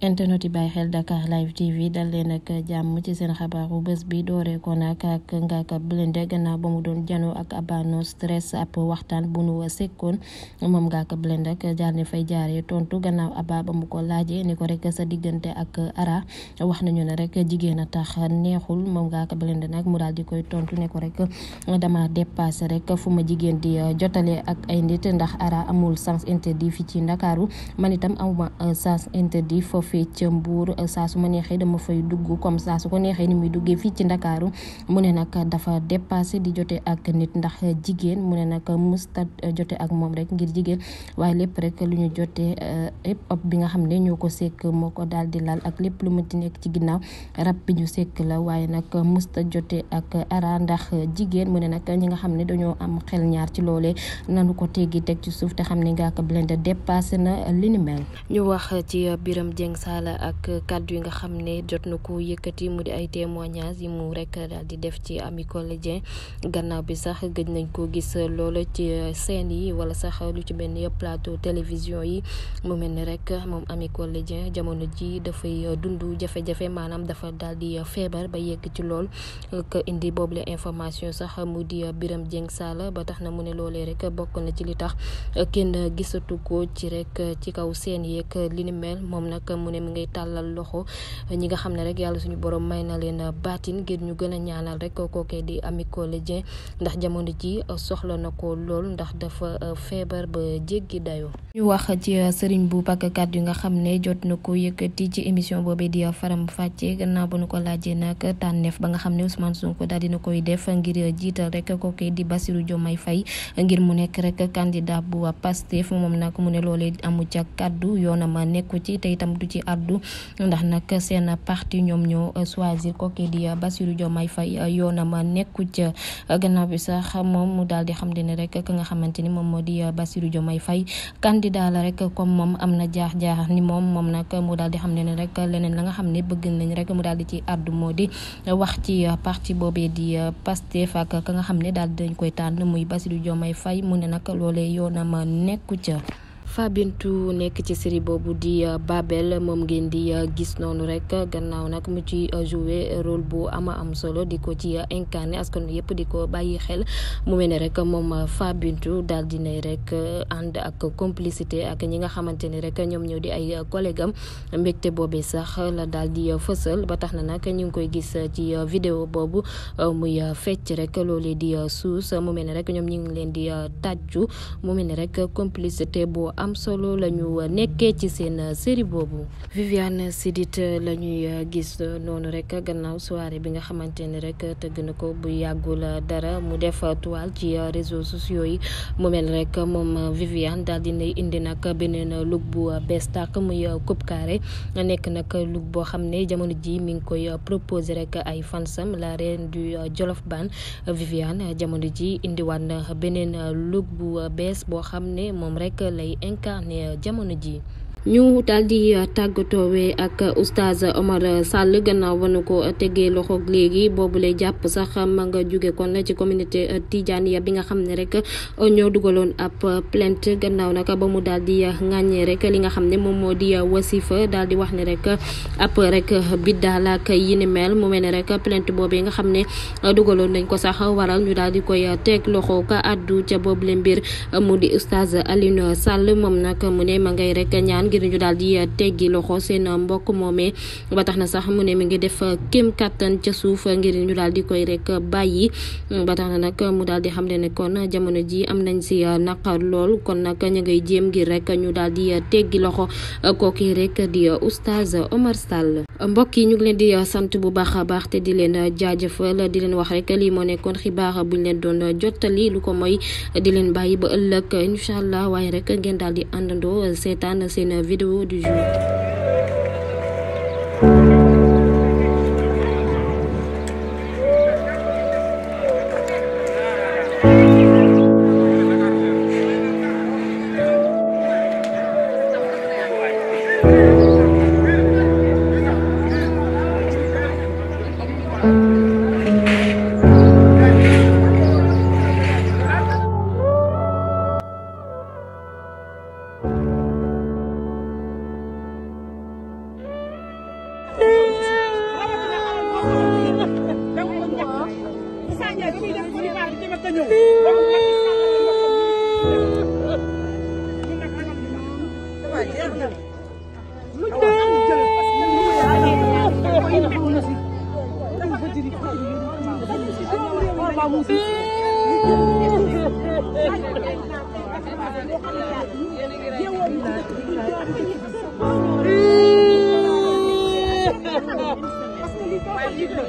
internet yi bàyyi xel Dakar live TV dal leen ak jàmm ci seen xabaaru bés bi dooreekoo nag ak Ngaaka Blindé gannaaw ba mu doon janoo ak Abano stress ab waxtaan bu nu sekkoon moom Ngaaka Blindé ak jaar ne fay jaaree tontu gannaaw aba ba ko laajee ni ko rek sa diggante ak Ara wax nañu ne rek jigéen a tax neexul moom Ngaaka Blindé nag mu daal di koy tontu ne ko rek dama dépassé rek fu ma jigéen di jotale ak ay nit ndax Ara amul sens interdit fii ci Ndakaaru foofee ca Mbour euh, saa su ma neexee dama fay dugg comme saa su ko neexee ni muy duggee fii ci Ndakaaru mu ne nag dafa dépassé di jote ak nit ndax jigéen mu ne nag musta euh, jote ak moom rek ngir jigéen waaye lépp rek lu ñu jotee euh, hip hop bi nga xam ne ñoo ko sekk moo ko daal di laal ak lépp lu mënti nekk ci ginnaaw rap bi ñu sekk la waaye nag musta jote ak ara ndax jigéen mu ne nag ñi nga xam ne dañoo am xel ñaar ci loolee nanu ko teggi teg ci suuf te xam ne Ngaaka Blindé dépassé na li ñu wax ci Birame Dieng Sall ak kàddu yi nga xam ne jot na ko yëkkati mu di ay témoignages yi mu rek daal di def ci Ami Collé Dieng gannaaw bi sax gëj nañ ko gis loola ci seen yi wala sax lu ci benn plateau télévision yi mu mel ni rek moom Ami Collé Dieng jamono ji dafay dund jafe-jafe maanaam dafa daal di feebar ba yegg ci lool que indi boobule information sax mu di biram Dieng Sall ba tax na mu ne loolee rek bokk na ci li tax kenn gisatu ko ci rek ci kaw seen yeeg li ni mel moom nag. mu ne mi ngay tàllal loxo ñi nga xam ne rek yàlla suñu borom may na leen baatin ngir ñu gën a ñaanal rek kookee di Ami Collé Dieng ndax jamono ji soxla na ko lool ndax dafa euh, feebar ba jéggi dayo ñu wax ci sëriñ bu pàkkat yi nga xam ne jot na ko yëkkati ci émission boobee di faram fàcce gannaaw ba nu ko laajee nag tànneef ba nga xam ne Ousmane Sonko daal dina koy def ngir jiital rek kookee di Bassirou Diomaye Faye ngir mu nekk rek candidat bu Pastef moom ci addu ndax nag seen parti ñoom ñoo choisir kooku di Bassirou Diomaye Faye euh, yoonam nekku ca gannaaw bi sax moom mu daal di xam ne rek nga xamante ni moom moo di Bassirou Diomaye Faye candidat la rek comme moom am na jaax jaax ni moom moom nag mu daal di xam ne rek leneen la nga xam ne bëgg nañ rek mu daal di ci addu moo di wax ci parti boobee di Pastef ak ka nga xam ne daal di dañ koy tànn muy Bassirou Diomaye Faye mu ne nag loolee ma nekku ca Fabintu nekk ci série boobu di euh, Babel moom ngeen di euh, gis noonu rek gannaaw nag mu ci euh, joué role bu ama am solo di ko ci incarné askan yëpp di ko bàyyi xel mu mel ne rek moom Fabintu daal di nay rek ànd ak complicité ak ñi nga xamante ne rek ñoom ñëw di ay collègue am mbégte boobee sax la daal di fësal ba tax na nag ñu ngi koy gis ci vidéo boobu muy fecc rek loolee di suus mu mel ne rek ñoom ñu ngi leen di tàccu mu mel ne rek complicité bu am solo la ñu euh, nekkee ci seen euh, série boobu. Viviane Chidid euh, la ñuy gis noonu rek gannaaw soirée bi nga xamante ni rek tëgg na ko bu yàggul dara mu def toile ci réseaux sociaux yi mu mel rek moom Viviane daal di nay indi nag beneen look bu bees tàq muy coupe carré nekk nag look boo xam ne jamono ji mi ngi koy proposé rek ay fansam la reine du Jolof jamono ji indiwaat na beneen boo xam ne moom rek lay. incarné euh, jamono jii ñu daal di euh, tàggatoowee ak oustaz Omar sàll gannaaw ba nu ko tegee loxo léegi boobu lay jàpp sax ma nga jóge kon ci communauté ya bi nga xam ne rek ñoo dugaloon ab plainte gannaaw nag ba mu daal di ŋàññee rek li nga xam ne moom moo di wasifa daal di wax ne rek ab rek biddaal ak yi ni mel mu mel ne rek plainte boobu nga xam ne dugaloon nañ ko sax waral ñu daal di koy teg loxo ka addu ca boobu le mbir mu di oustaz Alioune Sall moom nag mu ne ngir ñu daal di eh, teggi loxo seen eh, mbokk moomee ba na sax mu ne mi ngi def eh, kéem kattan ca suuf ngir ñu daal di koy rek bàyyi ba tax na nag mu daal di xam ne kon jamono ji am nañ si naqar lool kon nag ñu ngay jéem ngir rek ñu daal di teggi loxo kooki rek di oustaz Omar Sall mbokk yi ñu ngi leen di sant bu baax a baax te di leen jaajëfal di leen wax rek lii moo nekkoon xibaar buñ leen doon jottali lu ko mooy di leen bàyyi ba ëllëg incha waaye rek ngeen vidéo du jour.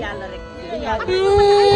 yàlla rek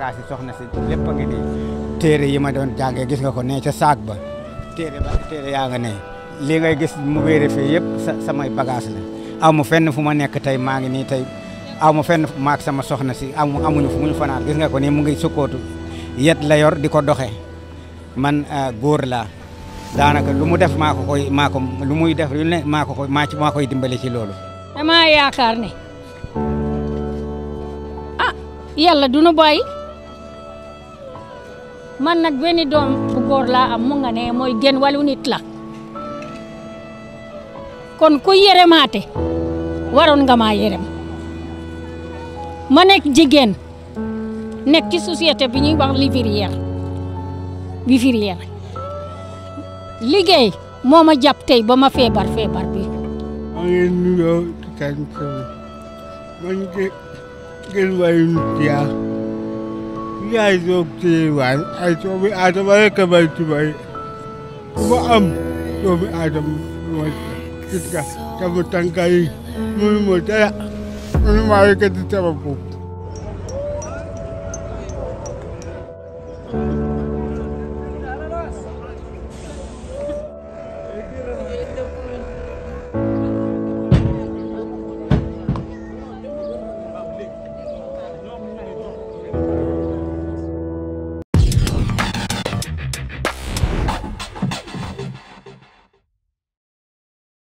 bagage yi ngi nii téere yi ma doon jàngee gis nga ko ne ca saag ba téere téere yaa nga ne lii ngay gis mu wéere fii yëpp samay bagage la aw ma fenn fu ma nekk tey maa ngi nii tey aw mu fenn maak sama soxna si amu amuñu fu muñu fanaan gis nga ko nii mu ngi sukkootu yet la yor di ko doxe man euh, góor la daanaka lu mu def maako ko koy maa ko lu muy def lu ne maako ko koy maa ci maa koy dimbale ci loolu. dama yaakaar ne ah yàlla du nu man nag benn doom bu góor laa am mu nga ne mooy genn wàllu nit la kon ku yëremaate waroon nga maa yërem ma nekk jigéen nekk ci société bi ñuy wax vivrière vivrière liggéey moo ma jàpp ba ma feebar feebar bi. maa ngi nuyoo di tànn man de genn wàllu nit yaa yaay doog Souleymane ay doomi aadama rek a may dimbali ku am doomi aadama mooy gis nga te mu tànka yi mënu ma dara mënu maa yëkkati sama bopp